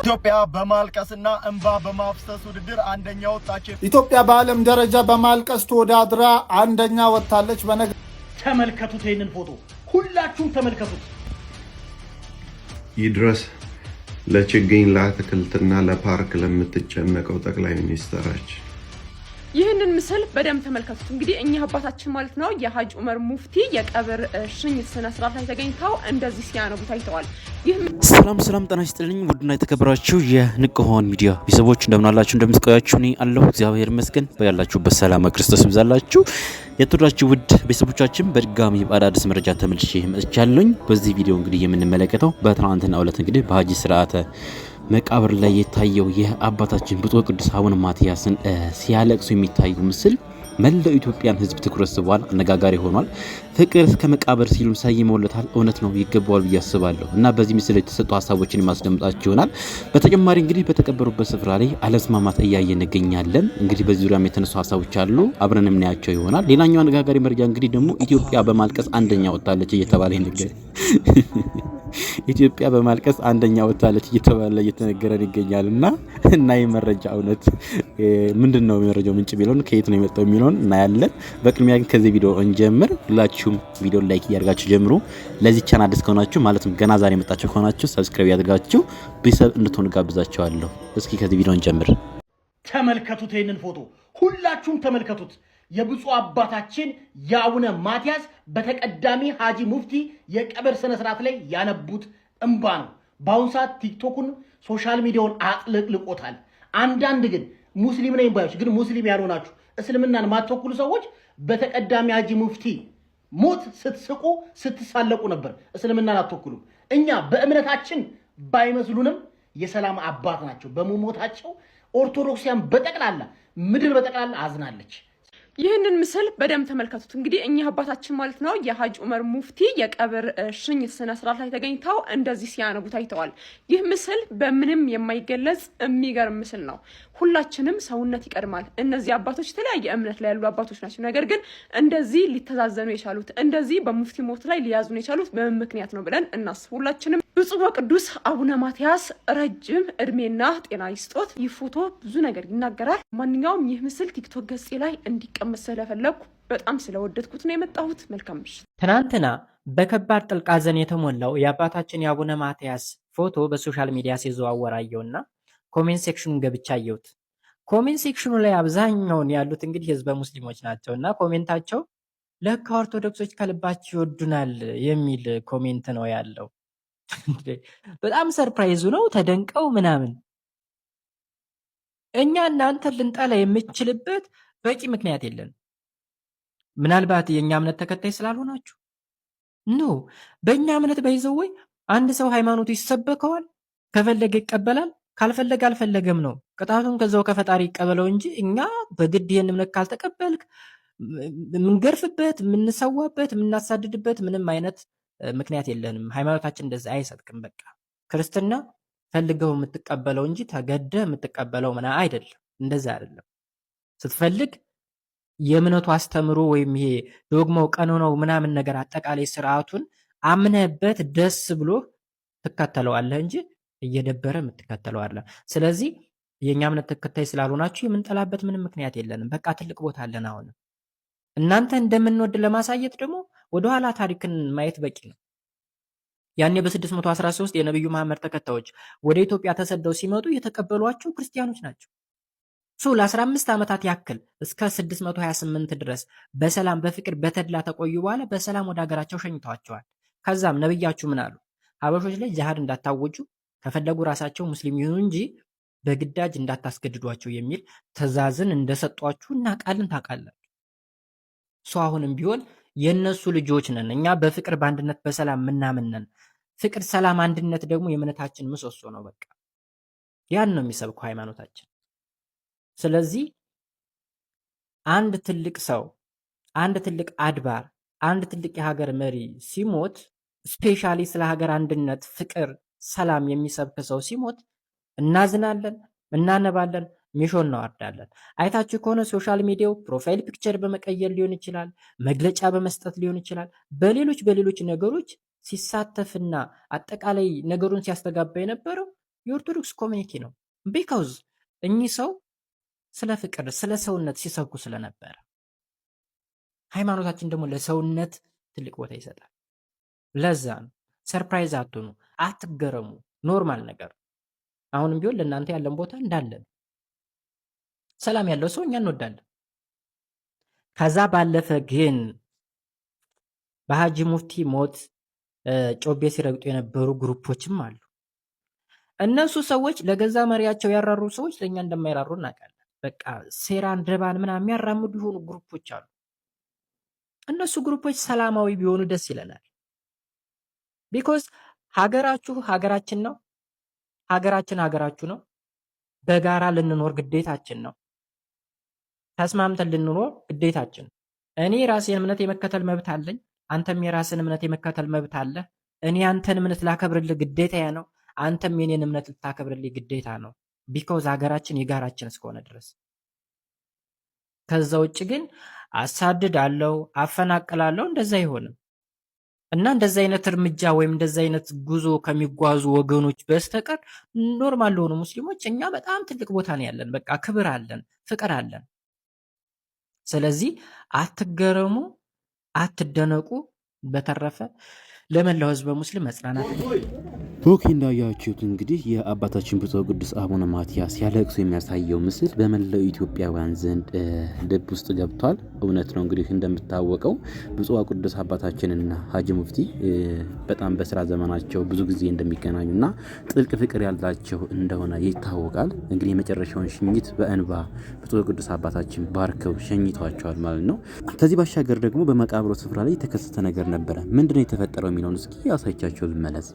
ኢትዮጵያ በማልቀስና እንባ በማፍሰስ ውድድር አንደኛ ወጣች። ኢትዮጵያ በዓለም ደረጃ በማልቀስ ተወዳድራ አንደኛ ወጥታለች። በነገ ተመልከቱት፣ ይህንን ፎቶ ሁላችሁም ተመልከቱት። ይድረስ ለችግኝ ለአትክልትና ለፓርክ ለምትጨነቀው ጠቅላይ ሚኒስትራችን ይህንን ምስል በደንብ ተመልከቱት። እንግዲህ እኚህ አባታችን ማለት ነው የሀጅ ኡመር ሙፍቲ የቀብር ሽኝ ስነ ስርዓት ላይ ተገኝተው እንደዚህ ሲያነቡ ታይተዋል። ሰላም ሰላም፣ ጤና ይስጥልኝ ውድና የተከበራችሁ የንቅሆን ሚዲያ ቤተሰቦች እንደምናላችሁ፣ እንደምስቀያችሁ እኔ አለሁ እግዚአብሔር ይመስገን። በያላችሁበት ሰላም ክርስቶስ ይብዛላችሁ። የተወዳችሁ ውድ ቤተሰቦቻችን በድጋሚ በአዳዲስ መረጃ ተመልሼ መጥቻለሁኝ። በዚህ ቪዲዮ እንግዲህ የምንመለከተው በትናንትና እለት እንግዲህ በሀጂ ስርዓተ መቃብር ላይ የታየው ይህ አባታችን ብፁዕ ቅዱስ አቡነ ማትያስን ሲያለቅሱ የሚታዩ ምስል መላው ኢትዮጵያን ሕዝብ ትኩረት ስቧል፣ አነጋጋሪ ሆኗል። ፍቅር እስከ መቃብር ሲሉም ሰይመውለታል። እውነት ነው፣ ይገባዋል ብዬ አስባለሁ እና በዚህ ምስል የተሰጡ ሀሳቦችን ማስደምጣችሁ ይሆናል። በተጨማሪ እንግዲህ በተቀበሩበት ስፍራ ላይ አለስማማት እያየ እንገኛለን። እንግዲህ በዚህ ዙሪያም የተነሱ ሀሳቦች አሉ፣ አብረን የምናያቸው ይሆናል። ሌላኛው አነጋጋሪ መረጃ እንግዲህ ደግሞ ኢትዮጵያ በማልቀስ አንደኛ ወጥታለች እየተባለ ይነገር ኢትዮጵያ በማልቀስ አንደኛ ወጥታለች እየተባለ እየተነገረን ይገኛል። እና እና የመረጃ እውነት ምንድን ነው የመረጃው ምንጭ የሚለውን ከየት ነው የመጣው የሚለውን እናያለን። በቅድሚያ ግን ከዚህ ቪዲዮ እንጀምር። ሁላችሁም ቪዲዮ ላይክ እያደርጋችሁ ጀምሩ። ለዚህ ቻናል አዲስ ከሆናችሁ ማለትም ገና ዛሬ የመጣችሁ ከሆናችሁ ሰብስክራይብ ያደርጋችሁ ቤተሰብ እንድትሆን ጋብዛችኋለሁ። እስኪ ከዚህ ቪዲዮ እንጀምር። ተመልከቱት፣ ይህንን ፎቶ ሁላችሁም ተመልከቱት። የብፁ አባታችን የአቡነ ማቲያስ በተቀዳሚ ሀጂ ሙፍቲ የቀብር ስነስርዓት ላይ ያነቡት እምባ ነው። በአሁኑ ሰዓት ቲክቶኩን ሶሻል ሚዲያውን አጥልቅልቆታል። አንዳንድ ግን ሙስሊም ነኝ ባዮች ግን ሙስሊም ያልሆናችሁ እስልምናን ማተኩሉ ሰዎች በተቀዳሚ ሀጂ ሙፍቲ ሞት ስትስቁ ስትሳለቁ ነበር። እስልምናን አትወክሉም። እኛ በእምነታችን ባይመስሉንም የሰላም አባት ናቸው። በመሞታቸው ኦርቶዶክሲያን በጠቅላላ ምድር በጠቅላላ አዝናለች። ይህንን ምስል በደንብ ተመልከቱት። እንግዲህ እኚህ አባታችን ማለት ነው የሀጅ ኡመር ሙፍቲ የቀብር ሽኝት ስነ ስርዓት ላይ ተገኝተው እንደዚህ ሲያነቡ ታይተዋል። ይህ ምስል በምንም የማይገለጽ የሚገርም ምስል ነው። ሁላችንም ሰውነት ይቀድማል። እነዚህ አባቶች የተለያየ እምነት ላይ ያሉ አባቶች ናቸው። ነገር ግን እንደዚህ ሊተዛዘኑ የቻሉት እንደዚህ በሙፍቲ ሞት ላይ ሊያዙ የቻሉት በምን ምክንያት ነው ብለን እናስብ ሁላችንም። ብፁዕ ወቅዱስ አቡነ ማትያስ ረጅም እድሜና ጤና ይስጦት። ይህ ፎቶ ብዙ ነገር ይናገራል። ማንኛውም ይህ ምስል ቲክቶክ ገጼ ላይ እንዲቀመጥ ስለፈለግኩ በጣም ስለወደድኩት ነው የመጣሁት። መልካም ምሽት። ትናንትና በከባድ ጥልቅ ሐዘን የተሞላው የአባታችን የአቡነ ማትያስ ፎቶ በሶሻል ሚዲያ ሲዘዋወር ኮሜንት ሴክሽኑን ገብቻ አየሁት። ኮሜንት ሴክሽኑ ላይ አብዛኛውን ያሉት እንግዲህ ህዝበ ሙስሊሞች ናቸው እና ኮሜንታቸው ለህካ ኦርቶዶክሶች ከልባቸው ይወዱናል የሚል ኮሜንት ነው ያለው። በጣም ሰርፕራይዙ ነው ተደንቀው ምናምን። እኛ እናንተን ልንጠላ የምችልበት በቂ ምክንያት የለን። ምናልባት የእኛ እምነት ተከታይ ስላልሆናችሁ ኖ። በእኛ እምነት በይዘው ወይ አንድ ሰው ሃይማኖቱ ይሰበከዋል፣ ከፈለገ ይቀበላል፣ ካልፈለገ አልፈለገም ነው። ቅጣቱን ከዛው ከፈጣሪ ይቀበለው እንጂ እኛ በግድ ይህን እምነት ካልተቀበልክ የምንገርፍበት፣ የምንሰዋበት፣ የምናሳድድበት ምንም አይነት ምክንያት የለንም። ሃይማኖታችን እንደዚህ አይሰጥቅም። በቃ ክርስትና ፈልገው የምትቀበለው እንጂ ተገደ የምትቀበለው ምና አይደለም። እንደዛ አይደለም። ስትፈልግ የእምነቱ አስተምሮ ወይም ይሄ ዶግማው ቀኖ ነው ምናምን ነገር አጠቃላይ ስርዓቱን አምነህበት ደስ ብሎ ትከተለዋለህ እንጂ እየደበረ የምትከተለው አለ። ስለዚህ የእኛ እምነት ተከታይ ስላልሆናችሁ የምንጠላበት ምንም ምክንያት የለንም። በቃ ትልቅ ቦታ አለን። አሁንም እናንተ እንደምንወድ ለማሳየት ደግሞ ወደኋላ ታሪክን ማየት በቂ ነው። ያኔ በ613 የነቢዩ መሐመድ ተከታዮች ወደ ኢትዮጵያ ተሰደው ሲመጡ የተቀበሏቸው ክርስቲያኖች ናቸው። ሱ ለ15 ዓመታት ያክል እስከ 628 ድረስ በሰላም በፍቅር በተድላ ተቆዩ። በኋላ በሰላም ወደ ሀገራቸው ሸኝተዋቸዋል። ከዛም ነብያችሁ ምን አሉ? ሀበሾች ላይ ጅሃድ እንዳታወጁ ከፈለጉ ራሳቸው ሙስሊም ይሁኑ እንጂ በግዳጅ እንዳታስገድዷቸው የሚል ትዕዛዝን እንደሰጧችሁ ቃልን ታውቃላችሁ። ሰው አሁንም ቢሆን የእነሱ ልጆች ነን። እኛ በፍቅር በአንድነት በሰላም ምናምንን ፍቅር፣ ሰላም፣ አንድነት ደግሞ የእምነታችን ምሰሶ ነው። በቃ ያን ነው የሚሰብከው ሃይማኖታችን። ስለዚህ አንድ ትልቅ ሰው፣ አንድ ትልቅ አድባር፣ አንድ ትልቅ የሀገር መሪ ሲሞት ስፔሻሊ ስለ ሀገር አንድነት፣ ፍቅር፣ ሰላም የሚሰብክ ሰው ሲሞት እናዝናለን፣ እናነባለን፣ ሚሾ እናወርዳለን። አይታችሁ ከሆነ ሶሻል ሚዲያው ፕሮፋይል ፒክቸር በመቀየር ሊሆን ይችላል፣ መግለጫ በመስጠት ሊሆን ይችላል፣ በሌሎች በሌሎች ነገሮች ሲሳተፍና አጠቃላይ ነገሩን ሲያስተጋባ የነበረው የኦርቶዶክስ ኮሚኒቲ ነው። ቢካውዝ እኚህ ሰው ስለ ፍቅር ስለ ሰውነት ሲሰብኩ ስለነበረ ሃይማኖታችን ደግሞ ለሰውነት ትልቅ ቦታ ይሰጣል። ለዛ ነው ሰርፕራይዝ አትሆኑ። አትገረሙ። ኖርማል ነገር አሁንም ቢሆን ለእናንተ ያለን ቦታ እንዳለን ሰላም ያለው ሰው እኛ እንወዳለን። ከዛ ባለፈ ግን በሀጂ ሙፍቲ ሞት ጮቤ ሲረግጡ የነበሩ ግሩፖችም አሉ። እነሱ ሰዎች ለገዛ መሪያቸው ያራሩ ሰዎች ለእኛ እንደማይራሩ እናውቃለን። በቃ ሴራን ደባን ምናምን የሚያራምዱ የሆኑ ግሩፖች አሉ። እነሱ ግሩፖች ሰላማዊ ቢሆኑ ደስ ይለናል ቢኮዝ ሀገራችሁ ሀገራችን ነው። ሀገራችን ሀገራችሁ ነው። በጋራ ልንኖር ግዴታችን ነው። ተስማምተን ልንኖር ግዴታችን። እኔ የራሴን እምነት የመከተል መብት አለኝ። አንተም የራስን እምነት የመከተል መብት አለ። እኔ አንተን እምነት ላከብርልህ ግዴታ ነው። አንተም የኔን እምነት ልታከብርልኝ ግዴታ ነው። ቢኮዝ ሀገራችን የጋራችን እስከሆነ ድረስ ከዛ ውጭ ግን አሳድዳለሁ፣ አፈናቅላለሁ እንደዛ አይሆንም። እና እንደዚህ አይነት እርምጃ ወይም እንደዚህ አይነት ጉዞ ከሚጓዙ ወገኖች በስተቀር ኖርማል ለሆኑ ሙስሊሞች እኛ በጣም ትልቅ ቦታ ነው ያለን። በቃ ክብር አለን፣ ፍቅር አለን። ስለዚህ አትገረሙ፣ አትደነቁ። በተረፈ ለመላው ህዝበ ሙስሊም መጽናናት ቶክ እንዳያችሁት እንግዲህ የአባታችን ብፁዕ ቅዱስ አቡነ ማትያስ ሲያለቅሱ የሚያሳየው ምስል በመላው ኢትዮጵያውያን ዘንድ ልብ ውስጥ ገብቷል። እውነት ነው። እንግዲህ እንደምታወቀው ብፁዕ ቅዱስ አባታችንና ሀጂ ሙፍቲ በጣም በስራ ዘመናቸው ብዙ ጊዜ እንደሚገናኙና ጥልቅ ፍቅር ያላቸው እንደሆነ ይታወቃል። እንግዲህ የመጨረሻውን ሽኝት በእንባ ብፁዕ ቅዱስ አባታችን ባርከው ሸኝተዋቸዋል ማለት ነው። ከዚህ ባሻገር ደግሞ በመቃብሮ ስፍራ ላይ የተከሰተ ነገር ነበረ። ምንድነው የተፈጠረው? የሚለውን እስኪ ያሳያቸው ልመለስ።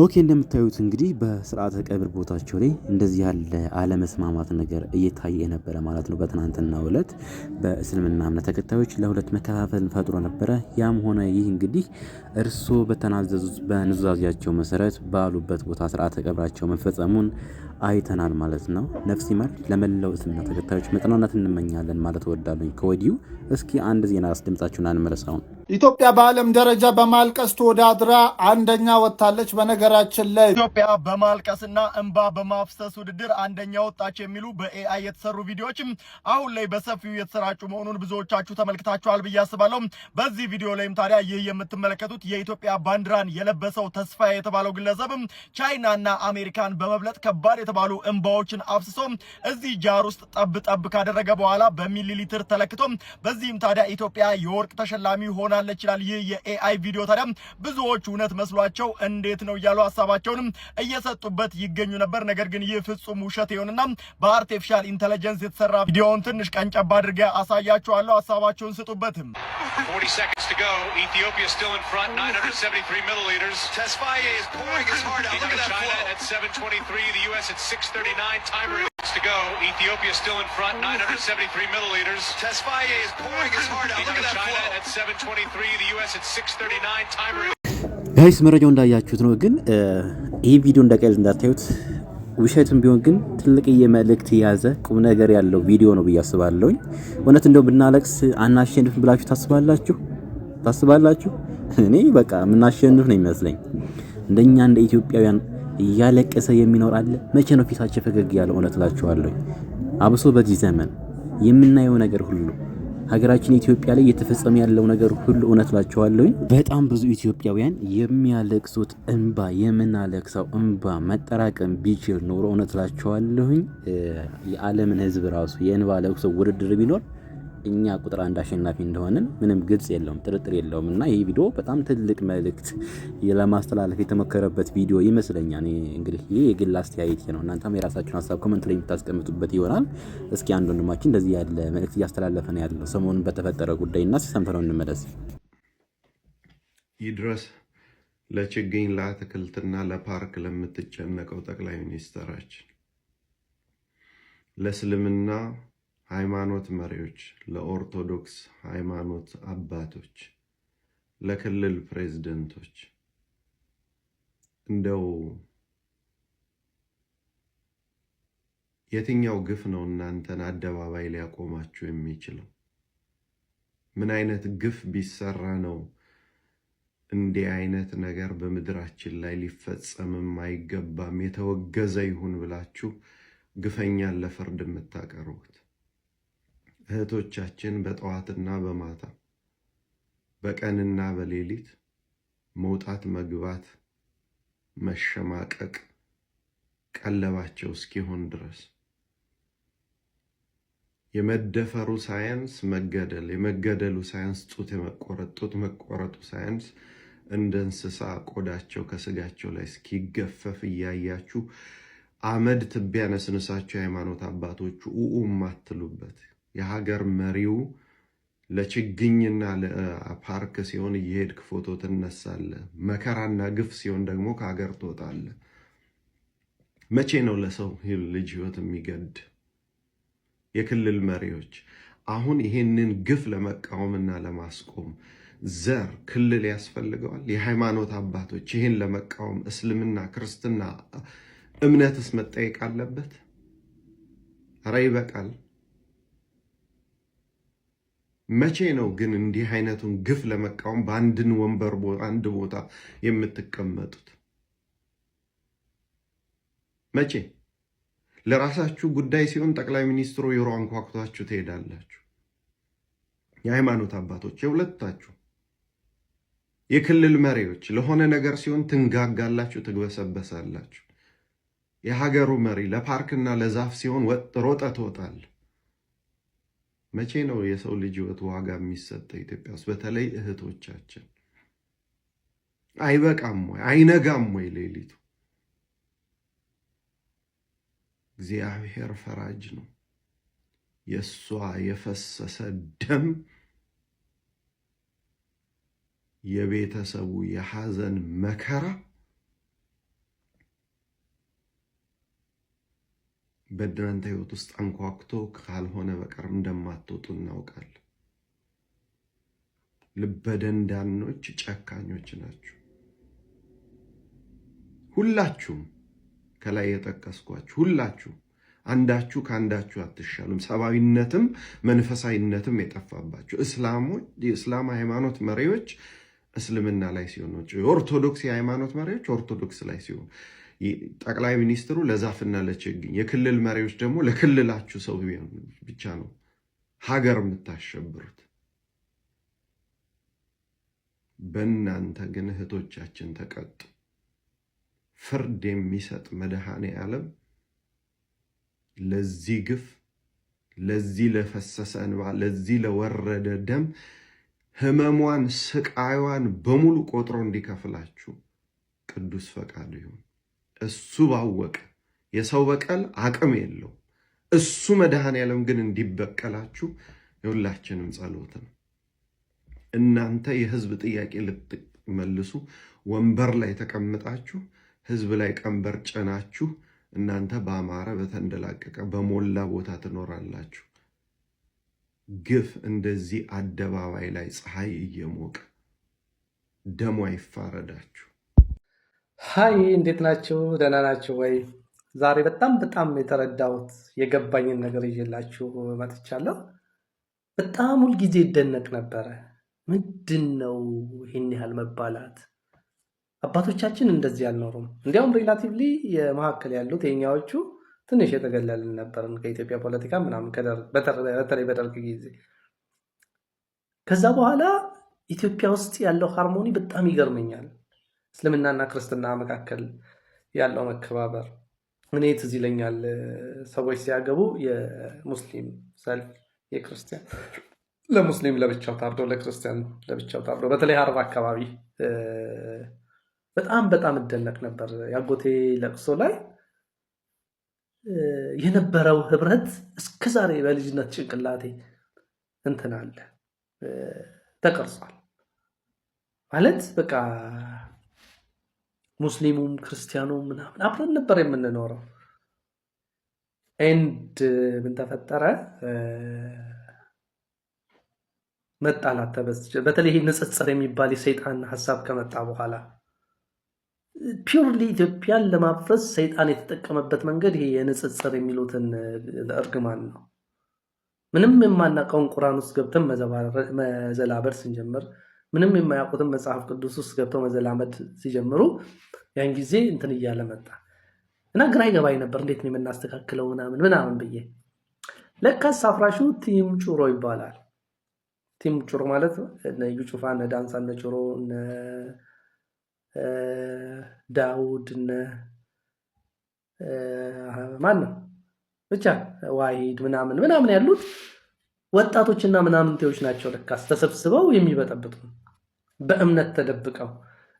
ኦኬ እንደምታዩት እንግዲህ በስርዓተ ቀብር ቦታቸው ላይ እንደዚህ ያለ አለመስማማት ነገር እየታየ ነበረ ማለት ነው። በትናንትናው ዕለት በእስልምና እምነት ተከታዮች ለሁለት መከፋፈል ፈጥሮ ነበረ። ያም ሆነ ይህ እንግዲህ እርሶ በተናዘዙት በኑዛዜያቸው መሰረት ባሉበት ቦታ ስርዓተ ቀብራቸው መፈጸሙን አይተናል ማለት ነው። ነፍስ ይማር። ለመላው እስልምና ተከታዮች መጽናናት እንመኛለን ማለት እወዳለሁ ከወዲሁ። እስኪ አንድ ዜና አስደምጣችሁን አንመለሳውን ኢትዮጵያ በዓለም ደረጃ በማልቀስ ተወዳድራ አንደኛ ወጥታለች። በነገራችን ላይ ኢትዮጵያ በማልቀስና እንባ በማፍሰስ ውድድር አንደኛ ወጣች የሚሉ በኤአይ የተሰሩ ቪዲዮዎችም አሁን ላይ በሰፊው የተሰራጩ መሆኑን ብዙዎቻችሁ ተመልክታችኋል ብዬ አስባለሁ። በዚህ ቪዲዮ ላይም ታዲያ ይህ የምትመለከቱት የኢትዮጵያ ባንዲራን የለበሰው ተስፋ የተባለው ግለሰብም ቻይናና አሜሪካን በመብለጥ ከባድ የተባሉ እንባዎችን አፍስሶ እዚህ ጃር ውስጥ ጠብ ጠብ ካደረገ በኋላ በሚሊሊትር ተለክቶ በዚህም ታዲያ ኢትዮጵያ የወርቅ ተሸላሚ ሆና ትችላለች ይላል ይህ የኤአይ ቪዲዮ። ታዲያ ብዙዎች እውነት መስሏቸው እንዴት ነው እያሉ ሀሳባቸውንም እየሰጡበት ይገኙ ነበር። ነገር ግን ይህ ፍጹም ውሸት ይሆንና በአርቲፊሻል ኢንተለጀንስ የተሰራ ቪዲዮውን ትንሽ ቀንጨባ አድርገ አሳያችኋለሁ። ሀሳባቸውን ስጡበትም። Ethiopia still in front, 973 milliliters. Tesfaye is pouring his heart out. Look at that China at 723 ጋይስ መረጃው እንዳያችሁት ነው። ግን ይህ ቪዲዮ እንደቀልድ እንዳታዩት፣ ውሸትም ቢሆን ግን ትልቅዬ መልእክት የያዘ ቁም ነገር ያለው ቪዲዮ ነው ብዬ አስባለሁኝ። እውነት እንደው ብናለቅስ አናሸንፍም ብላችሁ ታስባላችሁ ታስባላችሁ? እኔ በቃ የምናሸንፍ ነው የሚመስለኝ። እንደኛ እንደ ኢትዮጵያውያን እያለቀሰ የሚኖር አለ? መቼ ነው ፊታቸው ፈገግ ያለው? እውነት እላችኋለሁ። አብሶ በዚህ ዘመን የምናየው ነገር ሁሉ ሀገራችን ኢትዮጵያ ላይ እየተፈጸመ ያለው ነገር ሁሉ እውነት ላቸዋለሁኝ። በጣም ብዙ ኢትዮጵያውያን የሚያለቅሱት እንባ የምናለቅሰው እንባ መጠራቀም ቢችል ኖሮ እውነት ላቸዋለሁኝ የዓለምን ሕዝብ ራሱ የእንባ ለቅሶ ውድድር ቢኖር እኛ ቁጥር አንድ አሸናፊ እንደሆንን ምንም ግልጽ የለውም፣ ጥርጥር የለውም። እና ይህ ቪዲዮ በጣም ትልቅ መልእክት ለማስተላለፍ የተሞከረበት ቪዲዮ ይመስለኛል። እንግዲህ ይህ የግል አስተያየት ነው። እናንተም የራሳችሁን ሀሳብ ኮመንት ላይ የምታስቀምጡበት ይሆናል። እስኪ አንድ ወንድማችን እንደዚህ ያለ መልእክት እያስተላለፈ ነው ያለው ሰሞኑን በተፈጠረ ጉዳይ እና ነው እንመለስ። ይድረስ ለችግኝ ለአትክልትና ለፓርክ ለምትጨነቀው ጠቅላይ ሚኒስትራችን ለእስልምና ሃይማኖት መሪዎች፣ ለኦርቶዶክስ ሃይማኖት አባቶች፣ ለክልል ፕሬዝደንቶች እንደው የትኛው ግፍ ነው እናንተን አደባባይ ሊያቆማችሁ የሚችለው? ምን አይነት ግፍ ቢሰራ ነው እንዲህ አይነት ነገር በምድራችን ላይ ሊፈጸምም አይገባም የተወገዘ ይሁን ብላችሁ ግፈኛን ለፍርድ የምታቀርቡት? እህቶቻችን በጠዋትና በማታ በቀንና በሌሊት መውጣት መግባት መሸማቀቅ ቀለባቸው እስኪሆን ድረስ የመደፈሩ ሳይንስ መገደል፣ የመገደሉ ሳይንስ ጡት የመቆረጥ ጡት መቆረጡ ሳይንስ እንደ እንስሳ ቆዳቸው ከስጋቸው ላይ እስኪገፈፍ እያያችሁ አመድ ትቢያ ነስንሳችሁ የሃይማኖት አባቶቹ ኡኡ ማትሉበት የሀገር መሪው ለችግኝና ለፓርክ ሲሆን እየሄድክ ፎቶ ትነሳለህ። መከራና ግፍ ሲሆን ደግሞ ከሀገር ትወጣለህ። መቼ ነው ለሰው ልጅ ህይወት የሚገድ? የክልል መሪዎች አሁን ይሄንን ግፍ ለመቃወምና ለማስቆም ዘር ክልል ያስፈልገዋል። የሃይማኖት አባቶች ይህን ለመቃወም እስልምና፣ ክርስትና እምነትስ መጠየቅ አለበት። ኧረ ይበቃል። መቼ ነው ግን እንዲህ አይነቱን ግፍ ለመቃወም በአንድን ወንበር አንድ ቦታ የምትቀመጡት? መቼ ለራሳችሁ ጉዳይ ሲሆን ጠቅላይ ሚኒስትሩ ጆሮ አንኳኩታችሁ ትሄዳላችሁ። የሃይማኖት አባቶች የሁለታችሁ የክልል መሪዎች ለሆነ ነገር ሲሆን ትንጋጋላችሁ፣ ትግበሰበሳላችሁ። የሀገሩ መሪ ለፓርክና ለዛፍ ሲሆን ሮጠ ትወጣለህ። መቼ ነው የሰው ልጅ ሕይወት ዋጋ የሚሰጠው? ኢትዮጵያ ውስጥ በተለይ እህቶቻችን አይበቃም ወይ አይነጋም ወይ ሌሊቱ? እግዚአብሔር ፈራጅ ነው። የእሷ የፈሰሰ ደም የቤተሰቡ የሐዘን መከራ በእናንተ ህይወት ውስጥ አንኳኩቶ ካልሆነ በቀር እንደማትወጡ እናውቃለን። ልበደንዳኖች፣ ጨካኞች ናችሁ ሁላችሁም። ከላይ የጠቀስኳችሁ ሁላችሁ አንዳችሁ ከአንዳችሁ አትሻሉም። ሰብአዊነትም መንፈሳዊነትም የጠፋባችሁ የእስላም ሃይማኖት መሪዎች እስልምና ላይ ሲሆኑ፣ የኦርቶዶክስ የሃይማኖት መሪዎች ኦርቶዶክስ ላይ ሲሆኑ ጠቅላይ ሚኒስትሩ ለዛፍና ለችግኝ፣ የክልል መሪዎች ደግሞ ለክልላችሁ ሰው ብቻ ነው ሀገር የምታሸብሩት። በእናንተ ግን እህቶቻችን ተቀጡ። ፍርድ የሚሰጥ መድኃኔ ዓለም ለዚህ ግፍ፣ ለዚህ ለፈሰሰ እንባ፣ ለዚህ ለወረደ ደም ህመሟን ስቃዩን በሙሉ ቆጥሮ እንዲከፍላችሁ ቅዱስ ፈቃዱ ይሁን። እሱ ባወቀ። የሰው በቀል አቅም የለውም። እሱ መድኃኔዓለም ግን እንዲበቀላችሁ የሁላችንም ጸሎት ነው። እናንተ የህዝብ ጥያቄ ልትመልሱ ወንበር ላይ ተቀምጣችሁ ህዝብ ላይ ቀንበር ጭናችሁ እናንተ በአማረ በተንደላቀቀ በሞላ ቦታ ትኖራላችሁ። ግፍ እንደዚህ አደባባይ ላይ ፀሐይ እየሞቀ ደሞ አይፋረዳችሁ። ሀይ እንዴት ናችሁ? ደህና ናችሁ ወይ? ዛሬ በጣም በጣም የተረዳሁት የገባኝን ነገር ይዤላችሁ መጥቻለሁ። በጣም ሁልጊዜ ይደነቅ ነበረ። ምንድን ነው ይህን ያህል መባላት? አባቶቻችን እንደዚህ አልኖሩም። እንዲያውም ሪላቲቭሊ የመካከል ያሉት የኛዎቹ ትንሽ የተገለልን ነበርን ከኢትዮጵያ ፖለቲካ ምናምን በተለይ በደርግ ጊዜ። ከዛ በኋላ ኢትዮጵያ ውስጥ ያለው ሃርሞኒ በጣም ይገርመኛል። እስልምናና ክርስትና መካከል ያለው መከባበር እኔ ትዝ ይለኛል ሰዎች ሲያገቡ የሙስሊም ሰልፍ የክርስቲያን ለሙስሊም ለብቻው ታርዶ ለክርስቲያን ለብቻው ታርዶ በተለይ አርባ አካባቢ በጣም በጣም እደነቅ ነበር። ያጎቴ ለቅሶ ላይ የነበረው ህብረት እስከዛሬ በልጅነት ጭንቅላቴ እንትን አለ ተቀርጿል ማለት በቃ ሙስሊሙም ክርስቲያኑም ምናምን አብረን ነበር የምንኖረው። ኤንድ ምን ተፈጠረ? መጣላት ተበስጀ በተለይ ንጽጽር የሚባል የሰይጣን ሀሳብ ከመጣ በኋላ ፒውርሊ ኢትዮጵያን ለማፍረስ ሰይጣን የተጠቀመበት መንገድ ይሄ የንጽጽር የሚሉትን እርግማን ነው። ምንም የማናውቀውን ቁራን ውስጥ ገብተን መዘላበር ስንጀምር ምንም የማያውቁትን መጽሐፍ ቅዱስ ውስጥ ገብተው መዘላመድ ሲጀምሩ ያን ጊዜ እንትን እያለ መጣ እና ግራ ይገባኝ ነበር። እንዴት ነው የምናስተካክለው ምናምን ምናምን ብዬ ለካስ አፍራሹ ቲም ጩሮ ይባላል። ቲም ጩሮ ማለት እነ ጩፋ፣ እነ ዳንሳ፣ እነ ጩሮ፣ እነ ዳውድ፣ እነ ማን ነው ብቻ ዋሂድ ምናምን ምናምን ያሉት ወጣቶችና ምናምንቴዎች ናቸው። ለካስ ተሰብስበው የሚበጠብጡ በእምነት ተደብቀው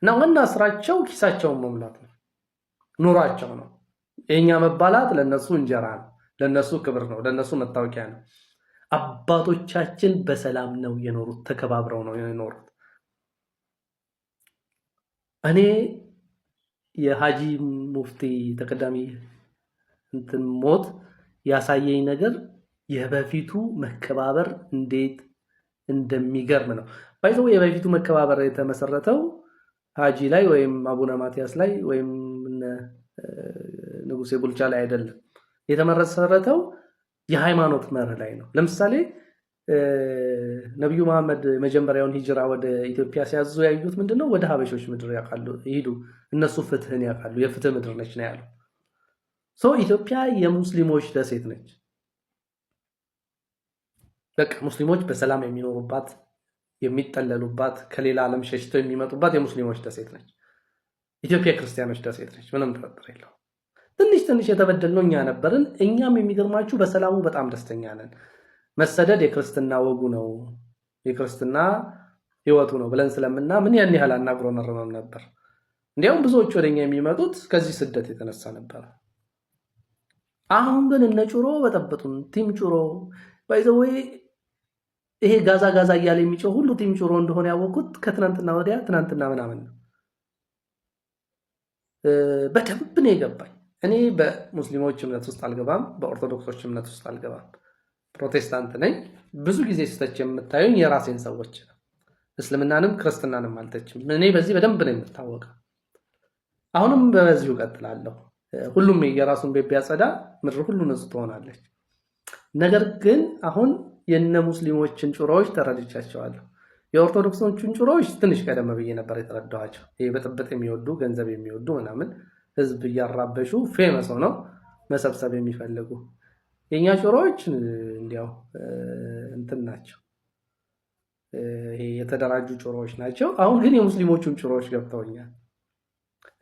እና ዋና ስራቸው ኪሳቸውን መሙላት ነው፣ ኑሯቸው ነው። የእኛ መባላት ለነሱ እንጀራ ነው፣ ለነሱ ክብር ነው፣ ለነሱ መታወቂያ ነው። አባቶቻችን በሰላም ነው የኖሩት፣ ተከባብረው ነው የኖሩት። እኔ የሀጂ ሙፍቲ ተቀዳሚ እንትን ሞት ያሳየኝ ነገር የበፊቱ መከባበር እንዴት እንደሚገርም ነው። ባይዘው የበፊቱ መከባበር የተመሰረተው ሀጂ ላይ ወይም አቡነ ማቲያስ ላይ ወይም ንጉሴ ቡልቻ ላይ አይደለም። የተመሰረተው የሃይማኖት መርህ ላይ ነው። ለምሳሌ ነቢዩ መሐመድ መጀመሪያውን ሂጅራ ወደ ኢትዮጵያ ሲያዙ ያዩት ምንድነው? ወደ ሀበሾች ምድር ያውቃሉ ይሄዱ፣ እነሱ ፍትህን ያውቃሉ፣ የፍትህ ምድር ነች ነው ያሉ። ኢትዮጵያ የሙስሊሞች ደሴት ነች። በቃ ሙስሊሞች በሰላም የሚኖሩባት የሚጠለሉባት ከሌላ ዓለም ሸሽተው የሚመጡባት የሙስሊሞች ደሴት ነች። ኢትዮጵያ ክርስቲያኖች ደሴት ነች። ምንም ጥርጥር የለው። ትንሽ ትንሽ የተበደልነው እኛ ነበርን። እኛም የሚገርማችሁ በሰላሙ በጣም ደስተኛ ነን። መሰደድ የክርስትና ወጉ ነው፣ የክርስትና ህይወቱ ነው ብለን ስለምና ምን ያን ያህል አናጉረመርምም ነበር። እንዲያውም ብዙዎች ወደኛ የሚመጡት ከዚህ ስደት የተነሳ ነበረ። አሁን ግን እነ ጩሮ በጠበጡን ቲም ጩሮ ባይዘወይ ይሄ ጋዛ ጋዛ እያለ የሚጮህ ሁሉ የሚጮህ እንደሆነ ያወቅኩት ከትናንትና ወዲያ ትናንትና ምናምን ነው። በደንብ ነው የገባኝ። እኔ በሙስሊሞች እምነት ውስጥ አልገባም፣ በኦርቶዶክሶች እምነት ውስጥ አልገባም። ፕሮቴስታንት ነኝ። ብዙ ጊዜ ስተች የምታዩኝ የራሴን ሰዎች ነው። እስልምናንም ክርስትናንም አልተችም። እኔ በዚህ በደንብ ነው የምታወቀው። አሁንም በዚሁ ቀጥላለሁ ሁሉም የራሱን ቤት ቢያጸዳ ምድር ሁሉ ንጹህ ትሆናለች። ነገር ግን አሁን የነ ሙስሊሞችን ጩሮዎች ተረድቻቸዋለሁ። የኦርቶዶክሶቹን ጩሮዎች ትንሽ ቀደም ብዬ ነበር የተረዳኋቸው። ይሄ በጥብጥ የሚወዱ ገንዘብ የሚወዱ ምናምን ህዝብ እያራበሹ ፌመስ ሆነው መሰብሰብ የሚፈልጉ የእኛ ጩሮዎች እንዲያው እንትን ናቸው፣ የተደራጁ ጩሮዎች ናቸው። አሁን ግን የሙስሊሞቹን ጩሮዎች ገብተውኛል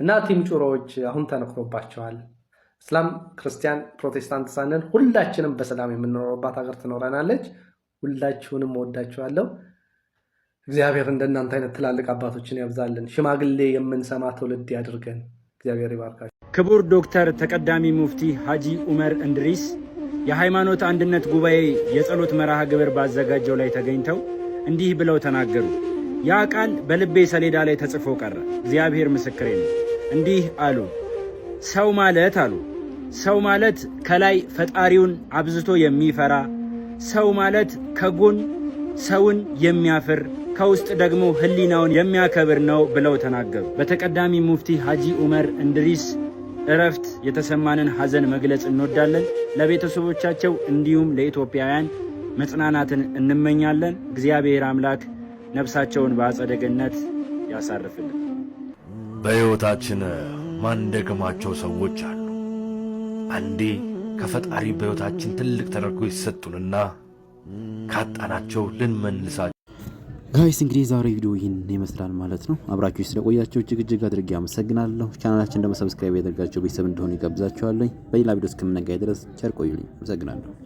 እና ቲም ጩሮዎች አሁን ተነክሮባቸዋል። እስላም፣ ክርስቲያን፣ ፕሮቴስታንት ሳንን ሁላችንም በሰላም የምንኖርባት ሀገር ትኖረናለች። ሁላችሁንም ወዳችኋለሁ። እግዚአብሔር እንደናንተ አይነት ትላልቅ አባቶችን ያብዛልን። ሽማግሌ የምንሰማ ትውልድ ያድርገን። እግዚአብሔር ይባርካቸው። ክቡር ዶክተር ተቀዳሚ ሙፍቲ ሀጂ ኡመር እንድሪስ የሃይማኖት አንድነት ጉባኤ የጸሎት መርሃ ግብር ባዘጋጀው ላይ ተገኝተው እንዲህ ብለው ተናገሩ። ያ ቃል በልቤ ሰሌዳ ላይ ተጽፎ ቀረ። እግዚአብሔር ምስክሬ ነው። እንዲህ አሉ። ሰው ማለት አሉ ሰው ማለት ከላይ ፈጣሪውን አብዝቶ የሚፈራ ሰው ማለት ከጎን ሰውን የሚያፍር ከውስጥ ደግሞ ሕሊናውን የሚያከብር ነው ብለው ተናገሩ። በተቀዳሚ ሙፍቲ ሐጂ ዑመር እንድሪስ እረፍት የተሰማንን ሐዘን መግለጽ እንወዳለን። ለቤተሰቦቻቸው እንዲሁም ለኢትዮጵያውያን መጽናናትን እንመኛለን። እግዚአብሔር አምላክ ነፍሳቸውን በአጸደ ገነት ያሳርፍልን። በሕይወታችን ማንደግማቸው ሰዎች አሉ። አንዴ ከፈጣሪ በሕይወታችን ትልቅ ተደርጎ ይሰጡንና ካጣናቸው ልንመልሳቸው። ጋይስ እንግዲህ ዛሬ ቪዲዮ ይህን ይመስላል ማለት ነው። አብራችሁ ስለቆያቸው እጅግ እጅግ አድርጌ አመሰግናለሁ። ቻናላችን ደግሞ ሰብስክራይብ ያደርጋቸው ቤተሰብ እንደሆኑ ይጋብዛችኋለኝ። በሌላ ቪዲዮ እስከምንገናኝ ድረስ ቸር ቆዩልኝ። አመሰግናለሁ።